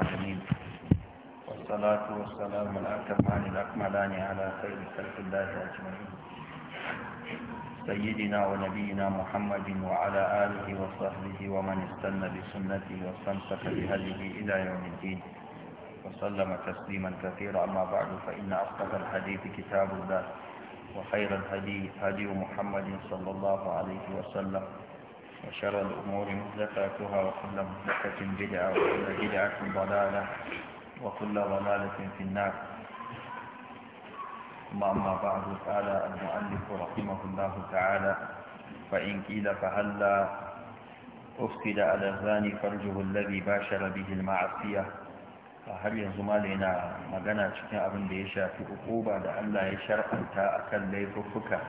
العالمين والصلاة والسلام الأكمان الأكملان على خير خلق الله أجمعين سيدنا ونبينا محمد وعلى آله وصحبه ومن استنى بسنته واستمسك بهديه إلى يوم الدين وسلم تسليما كثيرا أما بعد فإن أصدق الحديث كتاب الله وخير الهدي هدي محمد صلى الله عليه وسلم وشر الأمور مهدفاتها وكل مهدفة بدعة وكل بدعة ضلالة وكل ضلالة في النار ثم أما بعد قال المؤلف رحمه الله تعالى فإن قيل فهلا أفسد على الزاني فرجه الذي باشر به المعصية har yanzu malai na magana cikin abin da ya shafi ukuba da Allah ya shar'anta akan laifuffuka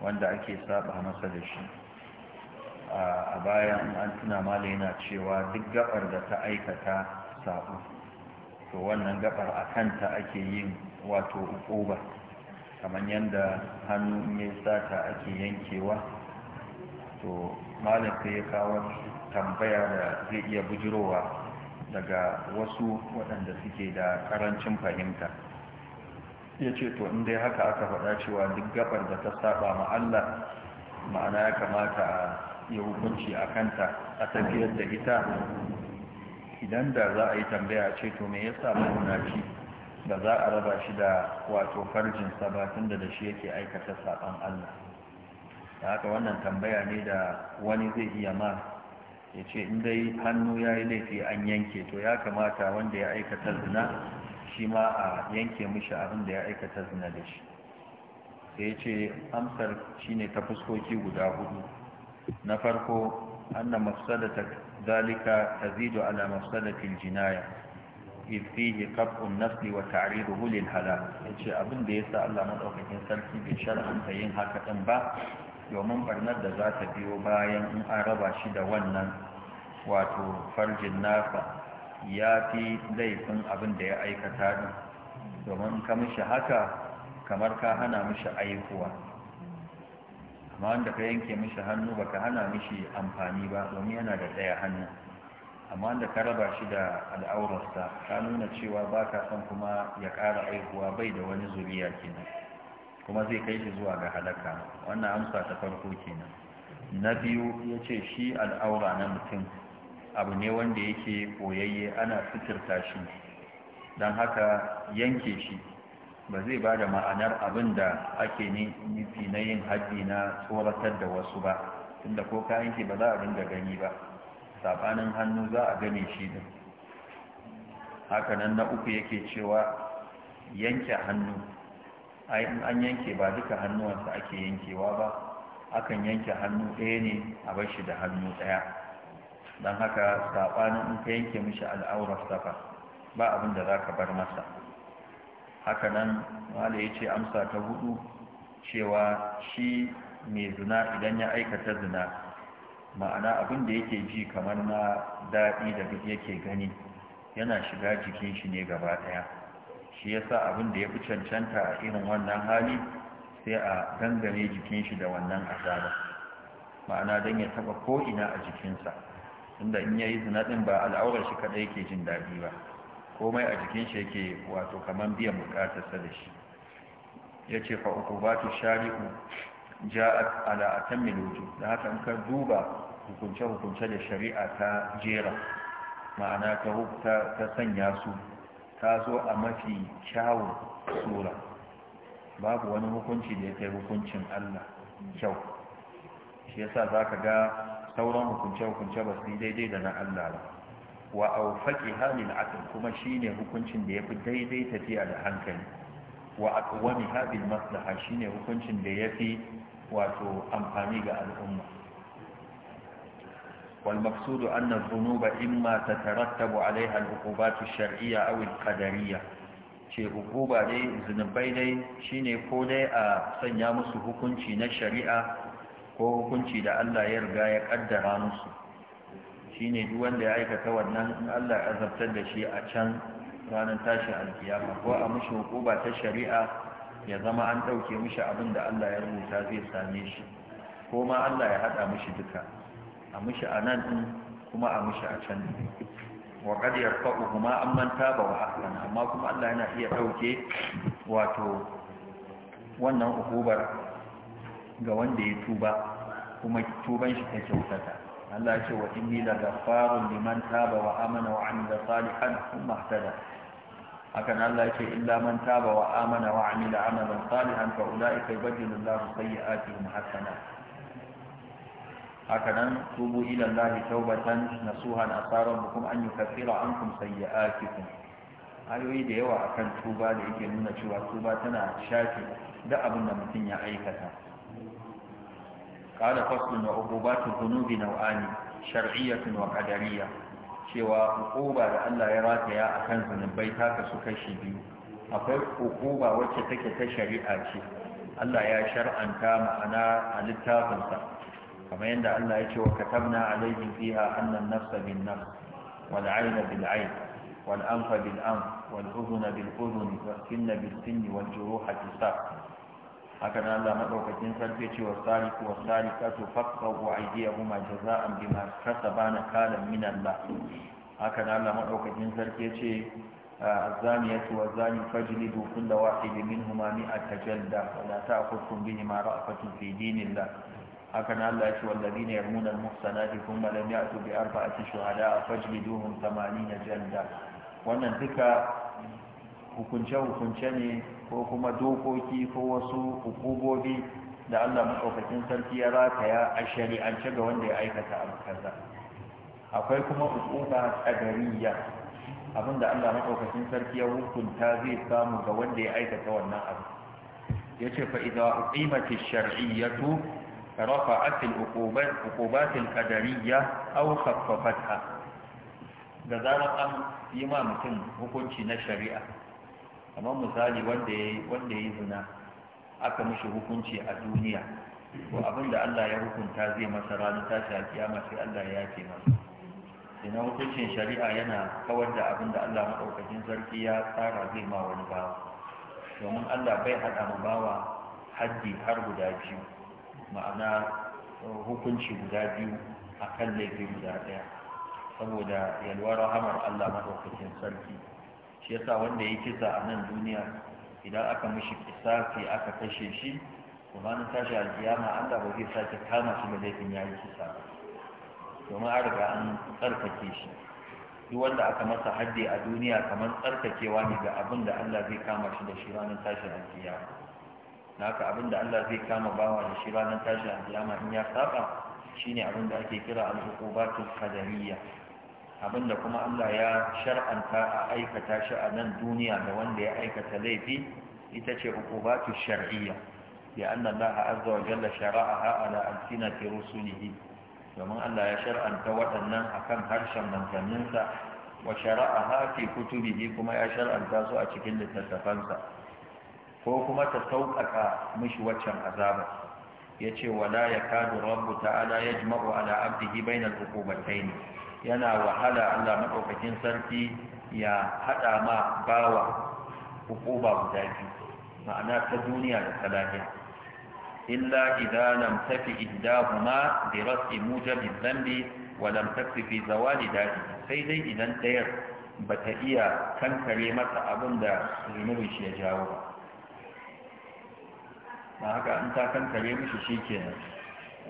wanda ake saba masa da shi a baya an tuna mala yana cewa duk gabar da ta aikata sabu to wannan gabar a kanta ake yin wato ukuba kamar yadda hannu mai sata ake yankewa to malin sai ya kawo tambaya da zai iya bujirowa daga wasu waɗanda suke da ƙarancin fahimta ya ce to in dai haka aka faɗa cewa duk gabar da ta saba ma'alla ma'ana ya kamata a ya hukunci a kanta a tafiyar da ita idan da za a yi tambaya ce to me yasa mahunaci da za a raba shi da wato farjin ba tunda da shi yake aikata saɓan Allah da haka wannan tambaya ne da wani zai iya ma ya ce in dai hannu ya yi laifi an yanke to ya kamata wanda ya aikata zina shi ma a yanke mishi abin da ya aikata zina da shi sai ce amsar shine ta fuskoki guda hudu na farko anna mafsadata zalika tazidu ala mafsadati aljinaya إذ wa قطع النسل وتعريضه ya yace abin da sa Allah maɗaukakin sarki bai shar'anta yin haka din ba domin barnar da za ta biyo bayan in an raba shi da wannan wato farjin nasa ya fi laifin abin da ya aikata din domin ka mishi haka kamar ka hana mishi aikuwa amma wanda ka yanke mishi hannu ba ka hana mishi amfani ba domin yana da ɗaya hannu amma wanda ka raba shi da al'aurarsa ka nuna cewa ba ka son kuma ya ƙara aihuwa bai da wani zuriya kenan kuma zai kai shi zuwa ga halaka wannan amsa ta farko kenan na biyu ya ce shi al'aura na mutum abu ne wanda yake koyayye ana fitirta shi don haka yanke shi ba zai ba da ma'anar abin da ake nufi na yin haji na tsoratar da wasu ba tunda ko kayan ke ba za a dinga gani ba sabanin hannu za a gane shi din hakanan na uku yake cewa yanke hannu in an yanke ba duka hannuwansa ake yankewa ba akan yanke hannu ɗaya ne a bar shi da hannu ɗaya don haka sabanin in ka yanke mishi al'aurar safa ba abin da za ka bar masa Haka nan, wale ya ce amsa ta hudu cewa shi mai zina idan ya aikata zina ma'ana abin da yake ji kamar na daɗi da yake gani yana shiga jikin shi ne gaba ɗaya shi yasa abin da ya fi cancanta a irin wannan hali sai a dangane jikin shi da wannan azaba ma'ana don ya taba ko'ina a jikinsa inda in yayi zina ɗin ba al'aurar shi kaɗai ke jin daɗi ba komai a jikin shi yake wato kaman biyan bukatarsa da shi ya ce fa'ukubatu shari'u ja'at ala atammi lojo da haka in ka duba hukunce-hukunce da shari'a ta jera ma'ana ta sanya su ta zo a mafi kyawun tsura babu wani hukunci da ya kai hukuncin allah kyau shi yasa za ka ga sauran hukunce-hukunce ba su daidai da na allah ba wa aufaki halil akal kuma shine hukuncin da yafi daidai tafiya da hankali wa aqwami hadil maslaha shine hukuncin da yafi wato amfani ga al'umma wal maqsudu anna dhunuba imma tatarattabu alaiha al-uqubat ash-shar'iyya aw al-qadariyya ce hukuba dai zunubai dai shine ko dai a sanya musu hukunci na shari'a ko hukunci da Allah ya riga ya kaddara musu shine duk wanda ya aikata wannan in Allah ya azabtar da shi a can ranar tashin alkiyama ko a mishi hukuba ta shari'a ya zama an ɗauke mushi abin da Allah ya rubuta zai same shi ko ma Allah ya haɗa mushi duka a mushi a nan ɗin kuma a mushi a can wa qad kuma an amman taba wa ahsana amma kuma Allah yana iya ɗauke wato wannan hukubar ga wanda ya tuba kuma tuban shi ta kyautata Allah ce wa inni la ghaffarun liman taba wa amana wa amila salihan thumma ihtada hakan Allah ce illa man taba wa amana wa amila amalan salihan fa ulaika yubaddilu Allahu sayyi'atihim hasanat hakanan tubu ila Allah taubatan nasuhan asaran bukum an yukaffira ankum sayyi'atikum ayoyi da yawa akan tuba da yake nuna cewa tuba tana shafi da abin da mutum ya aikata قال فصل وعقوبات الذنوب نوعان شرعية وقدرية cewa hukuba da Allah ya rataya a kan zunubai ta kasu kashi biyu akwai hukuba wacce take ta shari'a ce Allah ya shar'anta ma'ana a littafinsa kamar yadda Allah ya ce wa katabna alaihim fiha annan nafsa bin nafs wal ayna bil ayn wal anfa bil anf wal udhuna bil udhuni was haka nan Allah madaukakin sarki ce wa sariku wa sarikatu faqahu aydiyahuma jaza'an bima kasabana kana min Allah haka nan Allah madaukakin sarki ce الزانية والزاني فاجلدوا كل واحد منهما مئة جلدة ولا تأخذكم بهما رأفة في دين الله هكذا الله يشوى الذين يرمون المحسنات ثم لم يأتوا بأربعة شهداء فاجلدوهم ثمانين جلدة wannan duka hukunce-hukunce ne ko kuma dokoki ko wasu hukubobi da Allah maɗaukakin sarki ya rataya a shari'ance ga wanda ya aikata abu kaza akwai kuma hukuba abin da Allah maɗaukakin sarki ya hukunta zai samu ga wanda ya aikata wannan abu ya ce fa idza uqimatis shar'iyyatu ya al-uqubat uqubat al-qadariyya da zarar an yi ma mutum hukunci na shari'a kamar misali wanda ya wanda ya zina aka mishi hukunci a duniya ko abin da Allah ya hukunta zai masa ranar ta a kiyama sai Allah ya yafe masa na hukuncin shari'a yana kawar da abin da Allah maɗaukakin sarki ya tsara zai ma wani bawa domin Allah bai haɗa ma bawa haddi har guda biyu ma'ana hukunci guda biyu a kan laifi guda ɗaya saboda yalwar rahamar Allah maɗaukakin sarki shi yasa wanda ya kisa a nan duniya idan aka mishi kisafi aka kashe shi kuma na tashi alkiyama Allah ba zai sake kama shi da laifin ya yi kisa domin an riga an tsarkake shi duk wanda aka masa haddi a duniya kamar tsarkakewa ne ga abin da Allah zai kama shi da shi ranar tashin alkiyama na haka abin da Allah zai kama bawa da shi ranar tashi alkiyama in ya saba shine abin da ake kira al-uqubatul qadariyya abinda kuma Allah ya shar'anta a aikata shi a nan duniya da wanda ya aikata laifi ita ce hukubatu shar'iyya ya anna Allah azza wa jalla shara'aha ala alsinati rusulihi domin Allah ya shar'anta waɗannan akan harshen manzanninsa wa shara'aha fi kutubihi kuma ya shar'anta su a cikin littattafansa ko kuma ta sauƙaƙa mishi waccan azaba yace wala yakadu rabbu ta'ala yajma'u ala abdihi bainal ne. yana wahala Allah maɗaukakin sarki ya haɗa ma bawa hukuba guda biyu ma'ana ta duniya da ta lafiya illa idza lam tafi ihdahuma bi raf'i mujabi dhanbi wa lam takfi fi zawali dadi sai dai idan ɗayar bata iya kankare masa abin da zunubin shi ya jawo ba haka an ta kankare mishi kenan.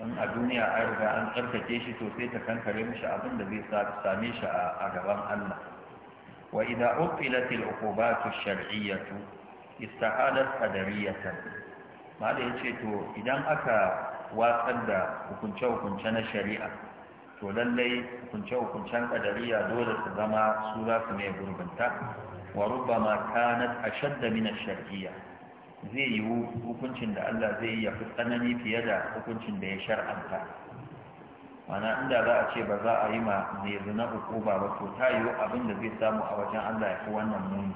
in a duniya an riga an tsarkake shi to sai ta kankare mishi abin da zai same shi a gaban Allah wa idza uqilat al uqubat al shar'iyyah istahalat qadariyatan mala yace to idan aka watsar da hukunce hukunce na shari'a to lallai hukunce hukuncen qadariya dole su zama su za su ne gurbinta wa rubbama kanat ashadda min al shar'iyyah zai yiwu hukuncin da Allah zai yi ya fi tsanani fiye da hukuncin da ya shar'anta mana inda za a ce ba za a yi ma mai zina uku ba to ta yi abin da zai samu a wajen Allah ya fi wannan muni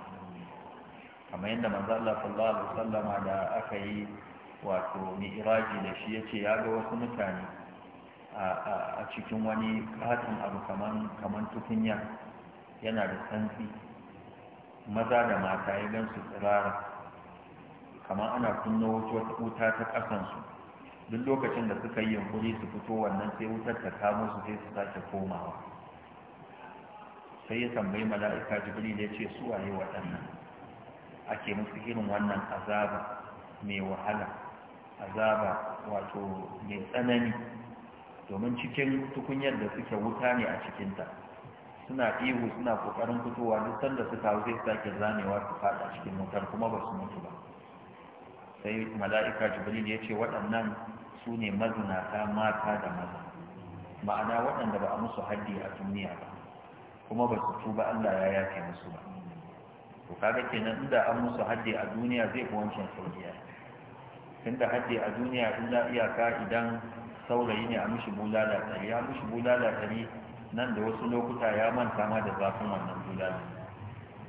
kamar yadda manzo Allah sallallahu alaihi wasallama da aka yi wato mi'raji da shi yace ya ga wasu mutane a cikin wani katin abu kaman kaman tukunya yana da santsi maza da mata ya gan su tsirara kamar ana wata wuta ta kasan su duk lokacin da suka yi yunkuri su fito wannan sai wutar ta kamo su sai su sake komawa sai ya tambayi mala'ika jibril ya ce su waye waɗannan ake musu irin wannan azaba mai wahala azaba wato mai tsanani domin cikin tukunyar da suke wuta ne a cikinta suna ihu suna kokarin fitowa duk sanda suka hau sai sake zanewa su fada cikin wutar kuma ba su mutu ba sai mala'ika jibril ya ce waɗannan su ne mazinata mata da maza ma'ana waɗanda ba a musu haddi a duniya ba kuma ba su tuba allah ya yafe musu ba to kaga kenan inda an musu haddi a duniya zai fi wancan sauƙiya tunda haddi a duniya in za iyaka idan saurayi ne a mishi bulala ɗari ya mishi bulala ɗari nan da wasu lokuta ya manta ma da zafin wannan bulala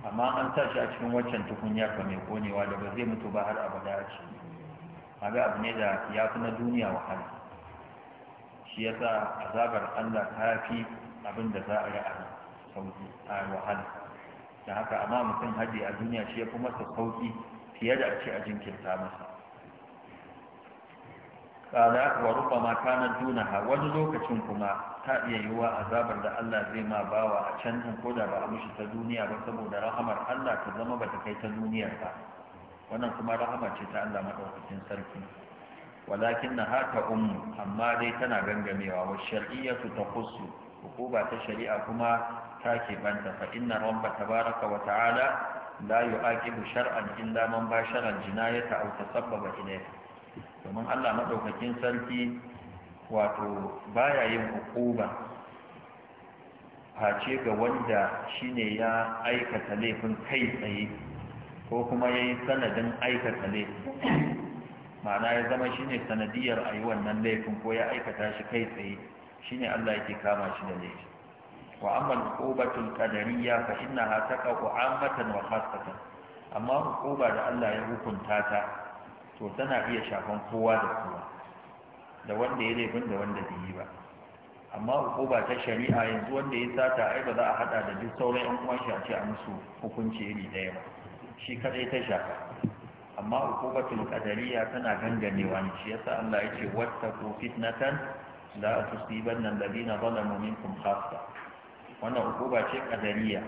amma an sa shi a cikin waccan tukunya ka mai konewa da ba zai mutu ba har abada a ce kaga abu ne da ya fi na duniya wahala shi ya sa azabar Allah ta fi abin da za a yi a sauki a wahala da haka amma mutum haji a duniya shi ya fi masa sauki fiye da a ce a jinkirta masa da wa waru mata na ha wani lokacin kuma ta iya yiwuwa azabar da Allah zai ma bawa a can din ko da ba a mushi ta duniya ba saboda rahamar Allah ta zama ba ta kai ta duniyar ba wannan kuma rahama ce ta Allah madaukakin sarki walakin na haka ummu amma dai tana gangamewa wa shar'iyyatu takhussu hukuma ta shari'a kuma ta ke banta fa inna rabba tabaraka wa ta'ala la yu'aqibu shar'an illa man bashara jinayata aw tasabbaba ilayha domin Allah maɗaukakin sarki wato baya yin ukuba, face ga wanda shine ya aikata laifin kai tsaye ko kuma ya yi sanadin aikata laifin ma'ana ya zama shine sanadiyar a yi wannan laifin ko ya aikata shi kai tsaye shine Allah yake kama shi da laifin. wa amma hukubatul qadariyya fa innaha taqa'u 'ammatan wa khassatan amma hukuba da Allah ya hukunta ta to tana iya shafan kowa da kowa da wanda ya laifin da wanda bai yi ba amma uku ba ta shari'a yanzu wanda ya sata ai ba za a hada da duk sauran yan uwan shi a ce a musu hukunci iri ɗaya ba shi kadai ta shafa amma uku ba hukumatul qadariya tana ganganewa ne shi yasa Allah ya ce "Wata ko fitnatan la tusibanna alladhina zalamu minkum khassa wannan uku ba ce kadariya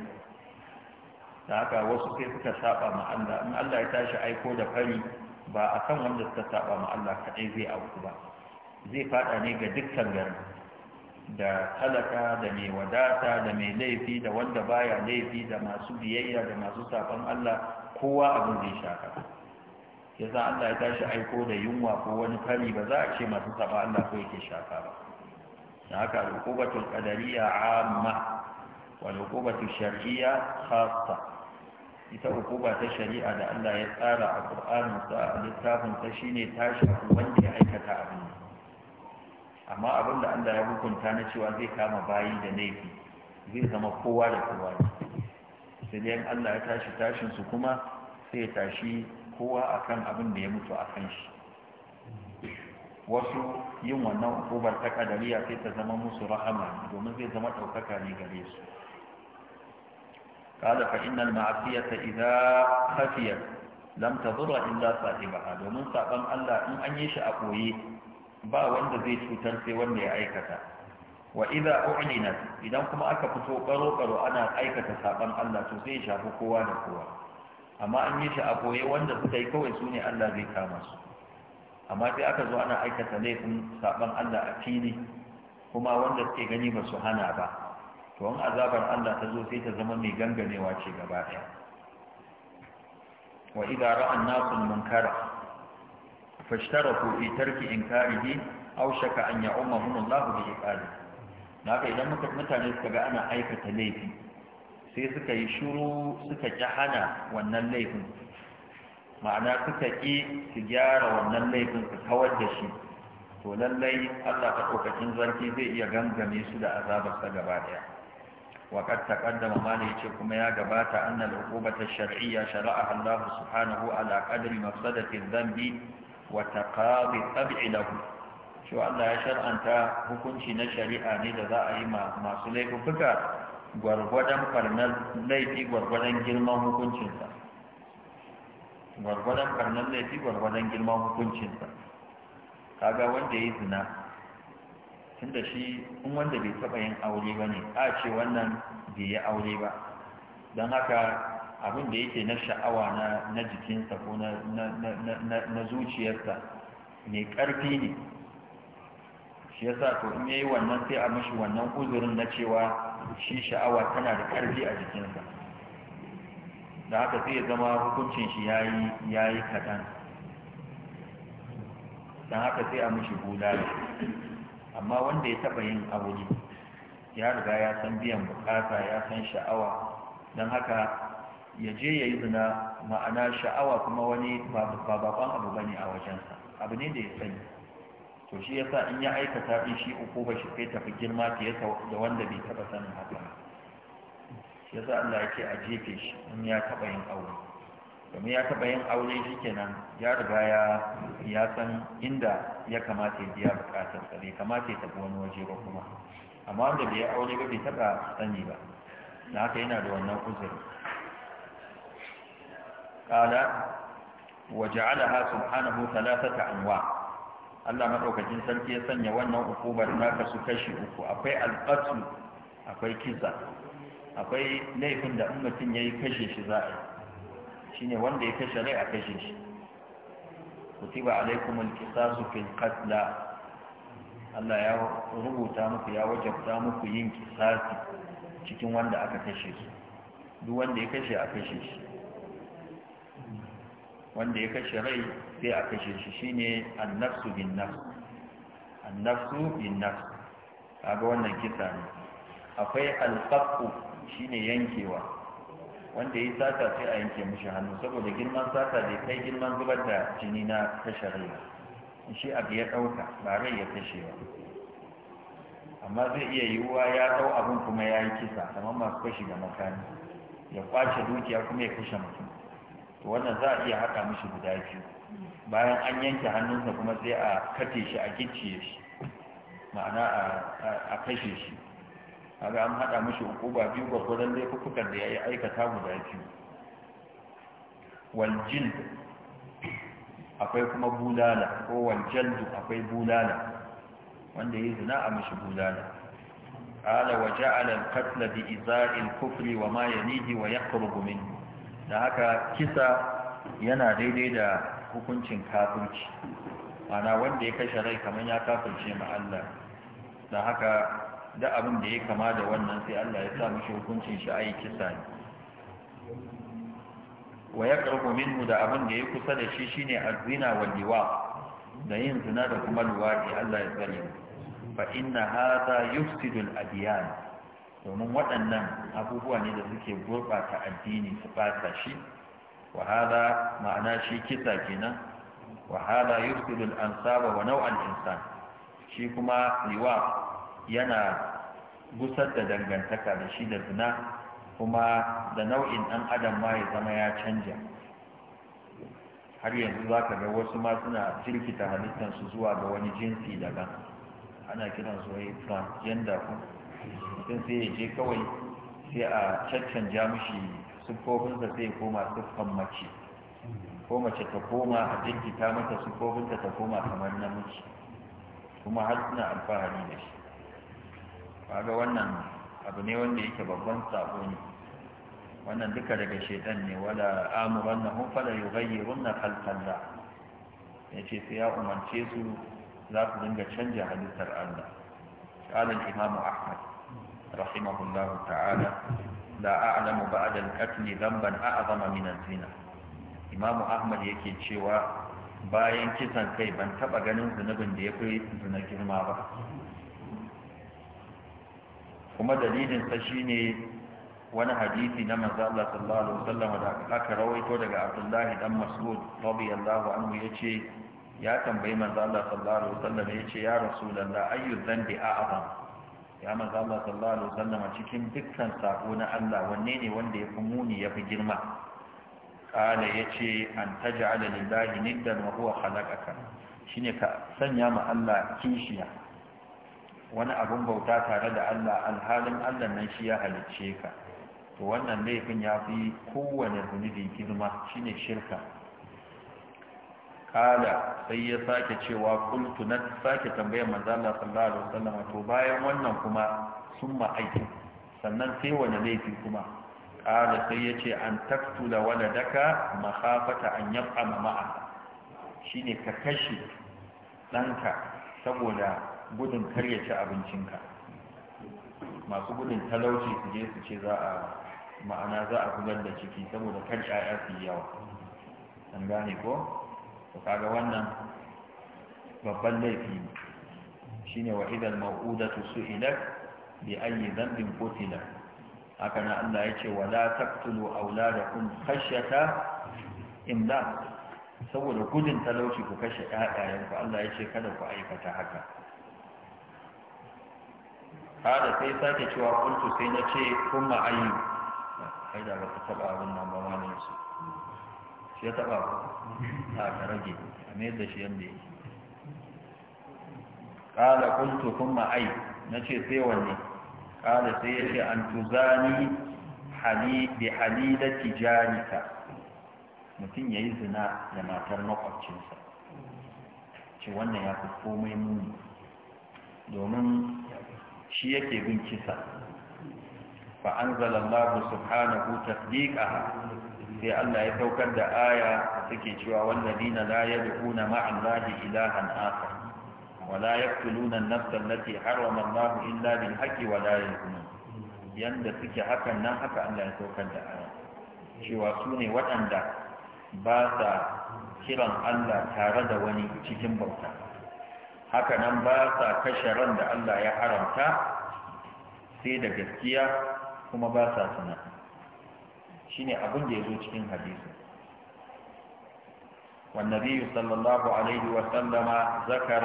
da haka wasu sai suka saba ma Allah in Allah ya tashi aiko da fari ba akan wanda suka saba ma Allah kaɗai zai auku ba zai fada ne ga dukkan gari da talaka da mai wadata da mai laifi da wanda baya laifi da masu biyayya da masu saban Allah kowa abin zai shaka yasa Allah ya tashi aiko da yunwa ko wani kari ba za a ce masu saba Allah ko yake shaka ba da haka hukubatul qadariyya amma wal hukubatul shar'iyya khassa ita hukuma ta shari'a da Allah ya tsara a sa a sa shine ta shafi wanda ya aikata abin amma abin da Allah ya hukunta na cewa zai kama bayi da laifi zai zama kowa da kowa sai dai Allah ya tashi tashin su kuma sai ya tashi kowa akan abin da ya mutu akan shi wasu yin wannan hukumar ta kadariya sai ta zama musu rahama domin zai zama ɗaukaka ne gare su قال فإن المعصية إذا خفيت لم تضر إلا صاحبها ومن صاحب الله إن أن يشأقوي با وند zai cutar sai wanda ya aikata wa idza u'linat idan kuma aka fito karo karo ana aikata saban Allah to sai ya shafi kowa da kowa amma an yi shi a ƙoye wanda suka yi kawai sune Allah zai kama su amma sai aka zo ana aikata laifin saban Allah a fili kuma wanda suke gani ba su hana ba to azabar Allah ta zo sai ta zama mai ganganewa ce gaba ɗaya wa idza ra'an nasu munkara fashtaraku fi tarki inkarihi aw shaka an ya'ummahum Allah bi iqali naka idan mutane suka ga ana aikata laifi sai suka yi shiru suka ki hana wannan laifin ma'ana suka ƙi su gyara wannan laifin su kawar da shi to lallai Allah ta ɗaukacin zarki zai iya gangame su da azabarsa gaba ɗaya وقد تقدم ما ليتكم يا جبات أن العقوبة الشرعية شرعها الله سبحانه على قدر مفسدة الذنب وتقاضي الطبع له شو الله ya أنت hukunci na shari'a ne da za a yi masu laifuka gwargwadon farnar laifi gwargwadon girman hukuncinsa Ka ga kaga wanda ya yi zina tunda shi in wanda bai taba yin aure ba ne a ce wannan bai yi aure ba don haka abin da yake na sha'awa na jikinsa ko na zuciyarsa mai ƙarfi ne shi yasa to in yayi wannan sai a mashi wannan uzurin na cewa shi sha'awa tana da ƙarfi a jikinsa da haka sai ya zama hukuncin shi ya yi kaɗan don haka sai a mashi bulala amma wanda ya taɓa yin aure, ya riga ya san biyan bukata ya san sha'awa don haka ya je ya yi zina ma'ana sha'awa kuma wani ba bakon abu ba ne a wajensa abu ne da ya sani to shi yasa in ya aikata in shi uku ba shi kai tafi girma fiye da wanda bai taba sanin haka shi yasa Allah ya ke a jefe shi in ya taba yin aure domin ya taɓa yin aure shi kenan ya riga ya ya san inda ya kamata ya biya sa bai kamata ya tafi wani waje ba kuma amma wanda bai aure ba bai taɓa sani ba na haka yana da wannan uzuri kala wa ha subhanahu thalathata anwa' Allah madaukakin sarki ya sanya wannan hukumar naka su kashi uku akwai alƙatu akwai kisa akwai laifin da in mutum ya yi kashe shi za a yi shine wanda ya kashe rai a kashe shi kutiba alaikum alqisasu fil qatl Allah ya rubuta muku ya wajabta muku yin kisasi cikin wanda aka kashe su duk wanda ya kashe a kashe shi wanda ya kashe rai sai a kashe shi shine annafsu bin nafs annafsu bin nafs kaga wannan kisa ne akwai alqaqu shine yankewa wanda ya sata sai a yanke mushi hannu saboda girman sata ya kai girman zubar da jini na kashe rai shi abu ya ɗauka ba rai ya kashe ba amma zai iya yiwuwa ya ɗau abin kuma ya yi kisa kamar masu kashi da makami ya kwace dukiya kuma ya kashe mutum to wannan za a iya haɗa mishi guda biyu bayan an yanke hannunsa kuma sai a kace shi a gicciye shi ma'ana a kashe shi kaga an hada mashi hukuma biyu dai laifukan da ya yi aikata guda biyu waljil akwai kuma bulala ko waljaldu akwai bulala wanda ya zina a mashi bulala ala wa ja'alar katla bi iza'il kufri wa ma yanihi wa yaqrubu min da haka kisa yana daidai da hukuncin kafirci ana wanda ya kashe rai kamar ya kafirce mu Allah da haka da abin da ya kama da wannan sai Allah ya sa mishi hukuncin shi ayi kisa ne wa yaqrabu minhu da abin da ya kusa da shi shine azina wa liwa da yin zina da kuma luwadi Allah ya tsare fa inna hadha yufsidu al adyan domin waɗannan abubuwa ne da suke gurɓata addini su ɓata shi wa ma'ana shi kisa kenan wa hada yufsidu al ansaba wa naw'al insan shi kuma liwa yana gusar da dangantaka da shi da zina kuma da nau'in ɗan adam ma ya zama ya canja har yanzu za ka ga wasu ma suna jirkita halittarsu zuwa ga wani jinsi daban ana kiran su wai transgender ku sun sai ya je kawai sai a caccanja mishi siffofinsa sai koma siffan mace ko mace ta koma a jirkita mata siffofinta ta koma kamar namiji kuma har suna alfahari da shi kaga wannan abu ne wanda yake babban sabo ne wannan duka daga shaitan ne wala amurannahum fala yughayyirunna khalqallah yace sai ya umarce su za su dinga canja halittar Allah قال الإمام أحمد رحمه الله تعالى لا أعلم بعد القتل ذنبا أعظم من الزنا إمام أحمد yake cewa bayan kisan kai ban taba ganin zunubin da ya fi girma ba kuma dalilin sa shine wani hadisi na manzo Allah sallallahu alaihi wasallam da aka rawaito daga Abdullah dan Mas'ud radiyallahu anhu yace ya tambayi manzo Allah sallallahu alaihi wasallam yace ya rasulullah ayyu dhanbi a'zam ya manzo Allah sallallahu alaihi wasallam cikin dukkan sako na Allah wanne ne wanda ya fi muni ya fi girma kala yace an taj'ala lillahi niddan wa huwa khalaqaka shine ka sanya ma Allah kishiya wani abin bauta tare da Allah alhalin Allah nan shi ya halicce ka to wannan laifin ya fi kowane zunubi girma shine shirka kala sai ya sake cewa kultu na sake tambayar manzala sallallahu alaihi wasallam to bayan wannan kuma sun aiki sannan sai wani laifi kuma kala sai ya ce an taktula daka makhafata an yab'a ma'a ne ka kashe ɗanka saboda gudun karya ci abincinka masu gudun talauci su je su ce za a ma'ana za a bugar da ciki saboda kar ƴaƴa su yi yawa an gane ko to kaga wannan babban laifi ne shine wa idan su su'ilat bi ayyi dhanbin qutila haka na Allah ya ce wala taqtulu auladakum khashyata imlaq saboda gudun talauci ku kashe ƴaƴayenku Allah ya ce kada ku aikata haka hada sai sake cewa kuntu sai na ce kun ma'ayi kai da ba ta taba abin nan ba wani su shi ya taba ku a ka rage a mai da shi yadda yake kala kuntu kun ma'ayi na ce sai wanne kala sai ya ce an tuzani bi halidati janika mutum ya yi zina da matar makwabcinsa ce wannan ya fi komai muni domin shi yake bin kisa fa anzalallahu subhanahu tasdiqaha sai Allah ya saukar da aya take cewa wallazina la yad'una ma'allahi ilahan akhar wa la yaqtuluna an-nafsa allati harrama Allah illa bil haqqi wa la yazunun yanda suke hakan nan haka Allah ya saukar da aya cewa su ne waɗanda ba sa kiran Allah tare da wani cikin bauta haka nan ba sa kashe ran da Allah ya haramta sai da gaskiya kuma ba sa suna shine abin da ya zo cikin hadisi والنبي صلى الله عليه zakara ذكر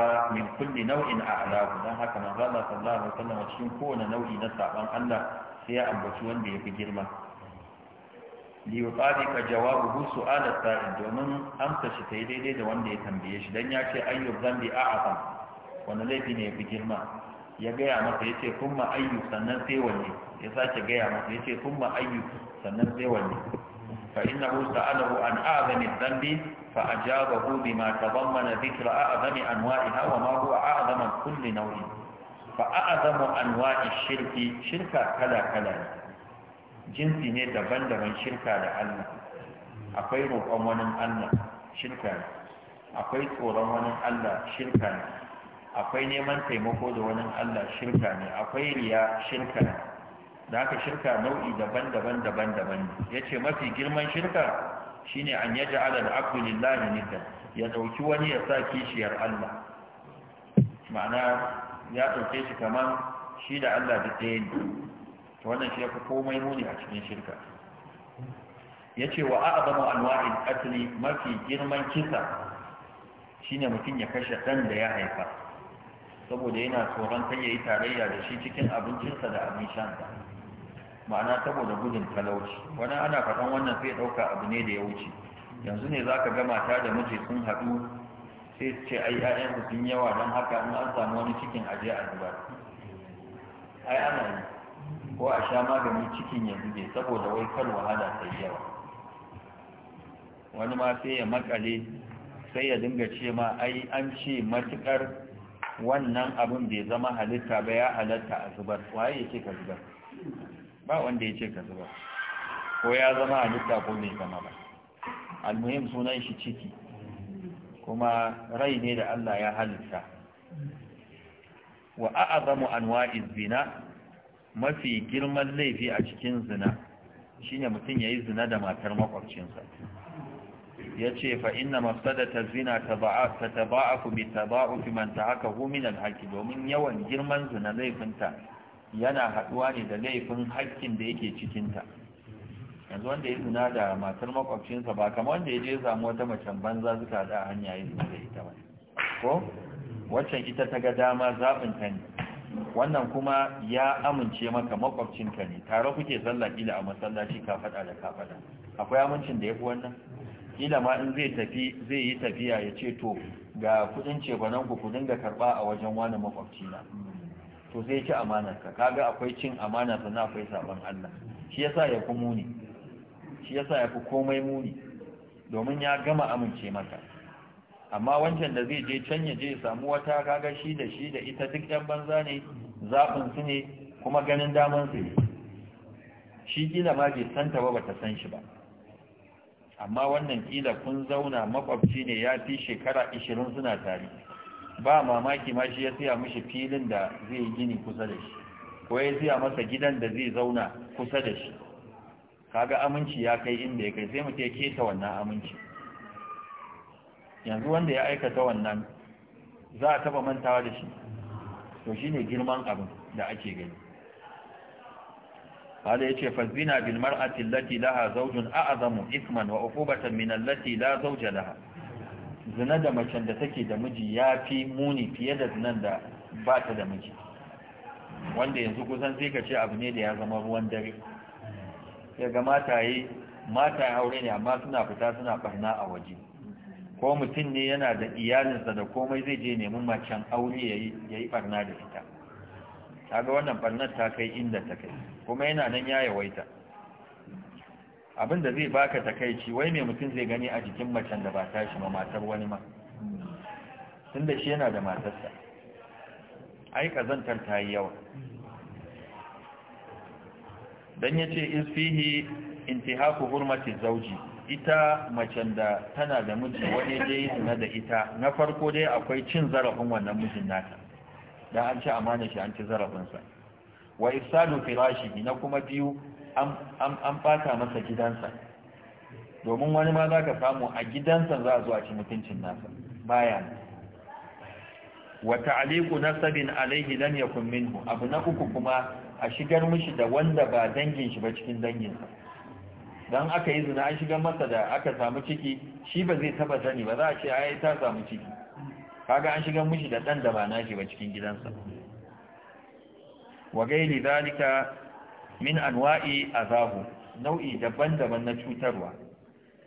kulli nau'in a أعلاه don haka manzo Allah sallallahu alaihi wasallam cikin kowane nau'i na saban Allah sai ya ambaci wanda ya fi girma li yutabika jawabuhu su'al as domin amsa shi ta daidai da wanda ya tambaye shi don ya ce ayyub zambi a'azam wani laifi ne ya fi girma ya gaya masa ya ce kun ma ayyu sannan sai wanne ya sace gaya masa ya ce kun ma ayyu sannan sai wanne fa inna hu sa'alahu an a'zami dhanbi fa ajabahu bima tadammana dhikra a'zami anwa'iha wa ma huwa a'zama kulli naw'in fa a'zamu anwa'i shirki shirka kala kala jinsi ne daban-daban shirka da Allah akwai roƙon wani Allah shirka akwai tsoron wani Allah shirka ne akwai neman taimako da wani Allah shirka ne akwai riya shirka ne da haka shirka nau'i daban-daban daban-daban ya ce mafi girman shirka shine an yaja alal abdu lillahi nika ya ɗauki wani ya sa kishiyar Allah ma'ana ya ɗauke shi kamar shi da Allah da ɗaya ne Ta wannan shi ya fi komai muni a cikin shirka ya ce wa a'azamu anwa'il qatli mafi girman kisa shine mutum ya kashe ɗan da ya haifa saboda yana tsoron ta ya yi tarayya da shi cikin abincinsa da abin shansa ma'ana saboda gudun talauci wani ana faɗan wannan sai ɗauka abu ne da ya wuce yanzu ne za ka ga mata da miji sun haɗu sai ce ai su sun yawa don haka in an samu wani cikin aje a zubar ai ana yi ko a sha magani cikin ya zube saboda wai kar wahala ta yawa wani ma sai ya makale sai ya dinga ce ma ai an ce matukar wannan abin bai zama halitta ba ya halatta a zubar waye ya ce ka zubar ba wanda ya ce ka zubar ko ya zama halitta ko bai zama ba almuhim sunan shi ciki kuma rai ne da Allah ya halitta wa a'azamu anwa'iz zina mafi girman laifi a cikin zina shine mutum yayi zina da matar makwabcinsa Ya ce, fa inna ta zina ta ba’a ku bi taba'ufi man haka, min al haƙƙi, domin yawan girman zina laifinta yana haɗuwa ne da laifin haƙƙin da yake cikinta. yanzu wanda ya zina da matar makwabcinsa ba kamar wanda ya je zamu wata macen banza zuka a hanya ya zina da ita ba ko waccan ita ta ga dama zaɓin ta ne wannan kuma ya amince maka makwabcinka ne tare kuke sallah a masallaci ka faɗa da ka faɗa akwai amincin da ya fi wannan kila ma in zai tafi zai yi tafiya ya ce to ga kudin cefanen ku ku dinga karba a wajen wani makwabci na to sai ci amanar ka kaga akwai cin amana sannan akwai saban Allah shi yasa ya fi muni shi yasa ya fi komai muni domin ya gama amince maka amma wancan da zai je can ya je samu wata kaga shi da shi da ita duk yan banza ne zaɓin su ne kuma ganin daman su ne shi kila ma bai santa ba bata san shi ba amma wannan kila kun zauna makwabci ne ya fi shekara 20 suna tare ba mamaki ma shi ya siya mishi filin da zai gini kusa da shi ko ya siya masa gidan da zai zauna kusa da shi kaga aminci ya kai inda ya kai sai mutum ya keta wannan aminci yanzu wanda ya aikata wannan za a taba mantawa da shi to shine girman abin da ake gani قال يتي فالزنا بالمرأة التي لها زوج أعظم إثما وعقوبة من التي لا زوج لها zina da macen da take da miji ya fi muni fiye da zinan da ba ta da miji wanda yanzu kusan sai ka abu ne da ya zama ruwan dare Yaga ga mataye mataye aure ne amma suna fita suna ɓarna a waje ko mutum ne yana da iyalinsa da komai zai je neman macen aure yayi yi barna da fita. kaga wannan barnar ta kai inda ta kai kuma yana nan ya yawaita Abinda zai baka takaici wai mai mutum zai gani a jikin macen da ba tashi ma matar wani ma tun da shi yana da matarsa ai kazantar ta yi yawa Dan ya ce isfihi intihaku hurmati zauji ita macen da tana da miji wani dai zina da ita na farko dai akwai cin zarafin wannan mijin nata da an ci amana shi an ci zarafinsa wa ifsadu firashi na kuma biyu an fata masa gidansa domin wani ma za ka samu a gidansa za a zo ci mutuncin nasa baya wa ta'liqu nasabin alaihi lam yakun minhu abu na uku kuma a shigar mishi da wanda ba dangin shi ba cikin danginsa dan aka yi zina an shigar masa da aka samu ciki shi ba zai taba sani ba za a ce ai ta samu ciki kaga an shiga mishi da ɗan da ba nashi ba cikin gidansa wa gairi zalika min anwa'i azahu nau'i daban-daban na cutarwa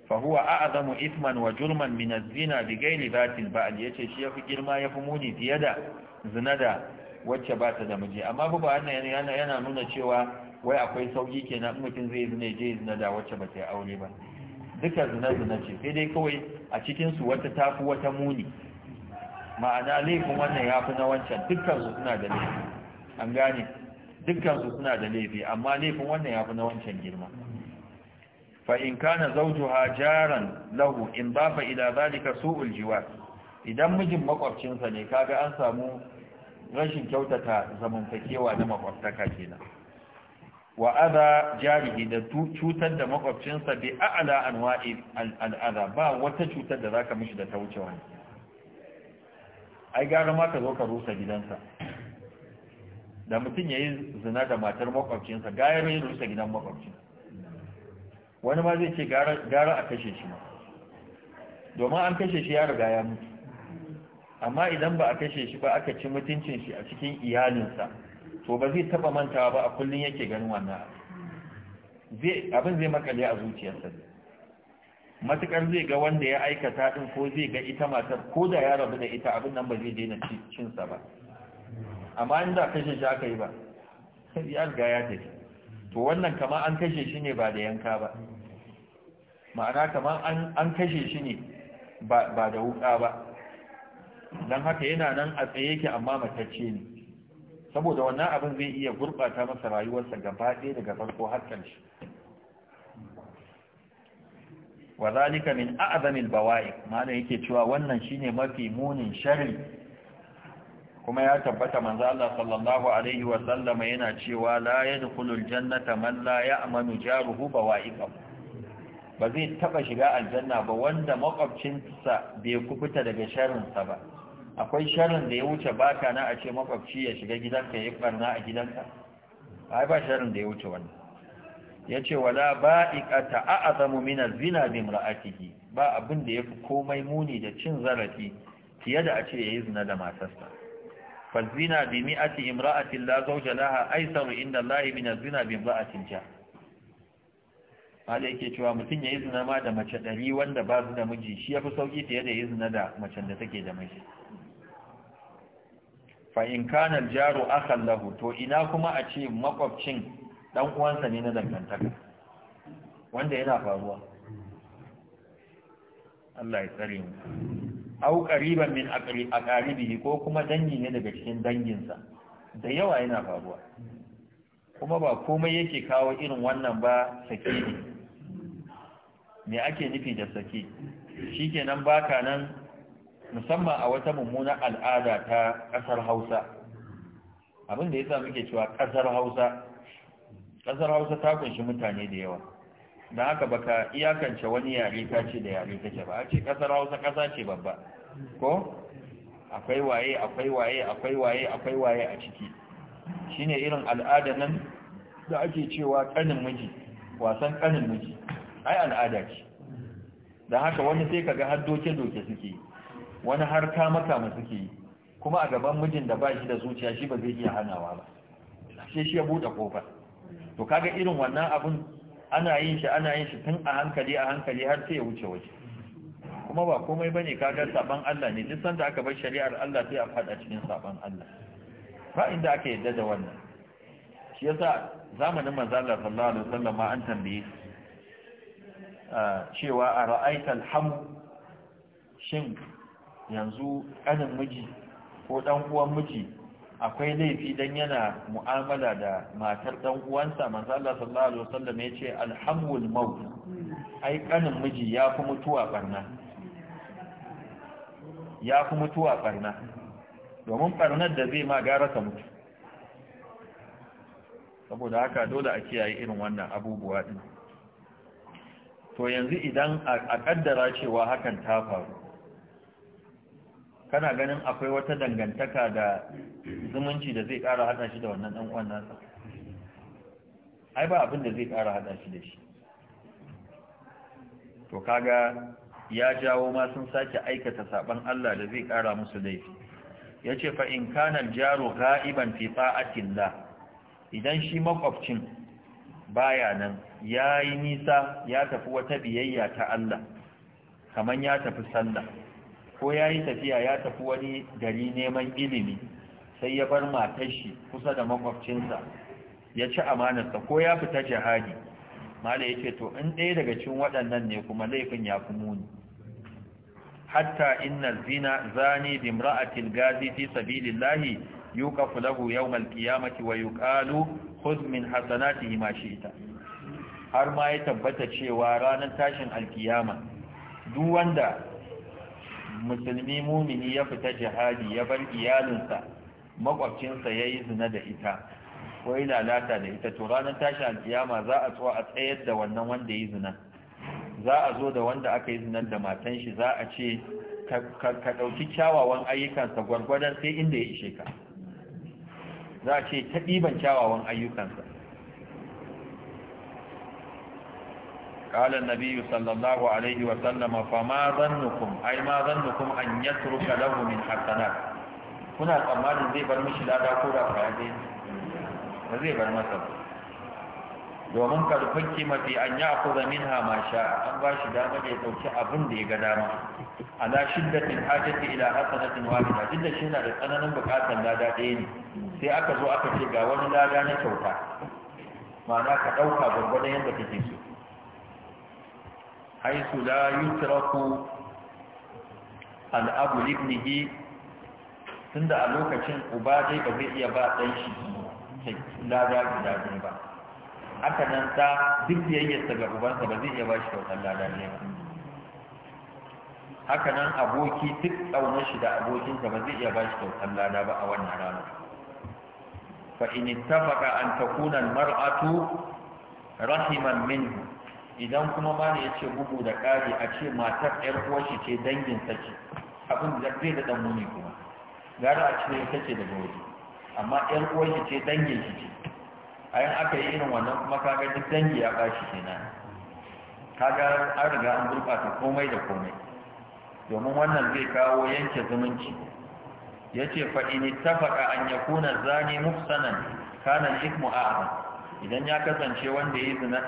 fa huwa a'zamu ithman wa jurman min az-zina bi ghairi zatil ba'd yace shi yafi girma yafi muni fiye da zina da wacce ba ta da miji amma ba wannan yana yana nuna cewa wai akwai sauki kenan mutum zai zina je zina da wacce ba ta yi aure ba duka zina zina ce sai dai kawai a cikin su wata tafi wata muni ma'ana laifin wannan ya fi na wancan dukkansu suna da laifi an gane dukkansu suna da laifi amma laifin wannan ya fi na wancan girma fa in kana jaran lahu in ba dafa ila zalika su'ul jiwar idan mijin makwabcinsa ne kaga an samu rashin kyautata zamantakewa na makwabtaka kenan wa adha jarihi da cutar da makwabcinsa bi a'la anwa'i ba wata cutar da zaka mishi da ta wuce wani ai gara ma ka zo ka rusa gidansa da mutum ya yi zina da matar makwabcinsa gayar ya rusa gidan makwabcin wani ma zai ce gara a kashe shi ma domin an kashe shi ya riga ya mutu amma idan ba a kashe shi ba aka ci mutuncin shi a cikin iyalinsa to ba zai taba mantawa ba a kullum yake ganin wannan abin zai makale a zuciyarsa ne matukar zai ga wanda ya aikata din ko zai ga ita matar ko da ya rabu da ita abin nan ba zai daina cinsa ba amma in da kashe shi aka yi ba ya ga ya tafi to wannan kamar an kashe shi ne ba da yanka ba ma'ana kama an kashe shi ne ba da wuka ba dan haka yana nan a tsaye yake amma matacce ne saboda wannan abin zai iya gurbata masa rayuwarsa gaba ɗaya daga farko har ƙarshe wa zalika min a'zamil bawa'i malam yake cewa wannan shine mafi munin shari kuma ya tabbata manzo Allah sallallahu alaihi wa sallama yana cewa la yadkhulul jannata man la ya'manu jaruhu bawa'iqahu ba zai taba shiga aljanna ba wanda makwabcinsa bai kubuta daga sharrinsa ba akwai sharrin da ya wuce baka na a ce makwabci ya shiga gidanka ya barna a gidanka ai ba sharrin da ya wuce wannan Ya ce, wala ba'iqata a'zamu min az-zina bi imra'atihi ba abin da yafi komai muni da cin zarafi fiye da a ce yayi zina da matarsa fa zina bi mi'ati imra'atin la zawja laha aysaru inda Allah min az-zina bi imra'atin ja Allah ke cewa mutum yayi zina ma da mace ɗari wanda ba su da miji shi yafi sauki fiye da yayi zina da mace da take da miji fa in kana al-jaru akhan lahu to ina kuma a ce makwabcin dan uwansa ne na dangantaka wanda yana faruwa Allah ya tsare mu au qariban min aqaribihi ko kuma dangi ne daga cikin danginsa da yawa yana faruwa kuma ba komai yake kawo irin wannan ba sake ne me ake nufi da sake shikenan baka nan musamman a wata mummunar al'ada ta ƙasar Hausa abin da yasa muke cewa ƙasar Hausa ƙasar hausa ta kunshi mutane da yawa da haka baka iyakance wani yare ta ce da yare ce ba a ce ƙasar hausa ƙasa ce babba ko akwai waye akwai waye akwai waye akwai waye a ciki shine irin al'ada nan da ake cewa ƙanin miji wasan ƙanin miji ai al'ada ce da haka wani sai ka ga har doke doke suke wani har kama kama suke kuma a gaban mijin da ba shi da zuciya shi ba zai iya hanawa ba sai shi ya buɗe kofar to kaga irin wannan abun ana yin shi ana yin shi tun a hankali a hankali har sai ya wuce waje kuma ba komai bane kaga saban Allah ne duk sanda aka bar shari'ar Allah sai a fada cikin saban Allah ba inda aka yadda da wannan shi yasa zamanin manzo Allah sallallahu alaihi wasallam ma an tambaye cewa a ra'aital ham shin yanzu kanin miji ko dan uwan miji akwai laifi dan yana mu'amala da matar dan uwansa manzo Allah sallallahu alaihi wasallam ce alhamul maut ai kanin miji ya fi mutuwa barna ya fi mutuwa barna domin barnar da zai ma gara ta mutu saboda haka dole a kiyaye irin wannan abubuwa din to yanzu idan a kaddara cewa hakan ta faru kana ganin akwai wata dangantaka da zumunci da zai ƙara haɗa shi da wannan dan uwan nasa ai ba abin da zai ƙara haɗa shi da shi to kaga ya jawo ma sun sake aikata saban Allah da zai ƙara musu laifi yace fa in kana jaru ghaiban fi ta'atillah idan shi makwabcin baya nan yayi nisa ya tafi wata biyayya ta Allah kaman ya tafi sallah ko ya yi tafiya ya tafi wani gari neman ilimi sai ya bar matar shi kusa da makwabcinsa ya ci amanarsa ko ya fita jihadi mala ya ce to in ɗaya daga cikin waɗannan ne kuma laifin ya fi muni hatta inna zina zani bi imra'atil gazi fi sabilillahi yuqafu lahu yawm al-qiyamati wa yuqalu khudh min hasanatihi ma shi'ta har ma ya tabbata cewa ranar tashin alkiyama duk wanda musulmi mumini ya fita jihadi ya bar iyalinsa makwabcinsa ya yi zina da ita ko yi lalata da ita to ranar tashi alkiyama za a tsuwa a tsayar da wannan wanda yi zina za a zo da wanda aka yi zinar da matan shi za a ce ka ɗauki kyawawan ayyukansa gwargwadon sai inda ya ishe ka za a ce ta ɗiban kyawawan ayyukansa قال النبي صلى الله عليه وسلم فما ظنكم أي ما ظنكم أن يترك له من حسنات هنا قمان زي برمش لا داكورا فعدين زي برمسل domin ka hukunci mafi an ya akuza min hama sha an ba shi dama da ya ɗauki abin da ya ga dama ala shiddatin hajjati ila hasanatin wahida duk da shi yana da tsananin buƙatar lada ɗaya ne sai aka zo aka ce ga wani lada na kyauta Mana ka ɗauka gwargwadon yadda kake so haisu la yutraku al'abu libnihi tun da a lokacin uba dai ba zai iya ba ɗan shi lada guda ne ba haka nan ta duk biyayyarsa ga ubansa ba zai iya ba shi kyautar lada ne ba haka nan aboki duk tsaunar shi da abokinsa ba zai iya ba shi kyautar lada ba a wannan rana. fa in ittafaqa an takuna al-mar'atu rahiman minhu idan kuma ma ne ya ce bugu da ƙari a ce matar ƴar uwarshi ce dangin ce abin da zai da ɗan muni kuma gara a cire ita ce daga waje amma ƴar uwarshi ce dangin shi ce a yin aka yi irin wannan kuma kaga duk dangi ya ɓaci kenan kaga an riga an gurɓata komai da komai domin wannan zai kawo yanke zumunci ya ce ta tafaka an ya kuna zane mufsanan kanan ikmu a'azan idan ya kasance wanda ya yi zina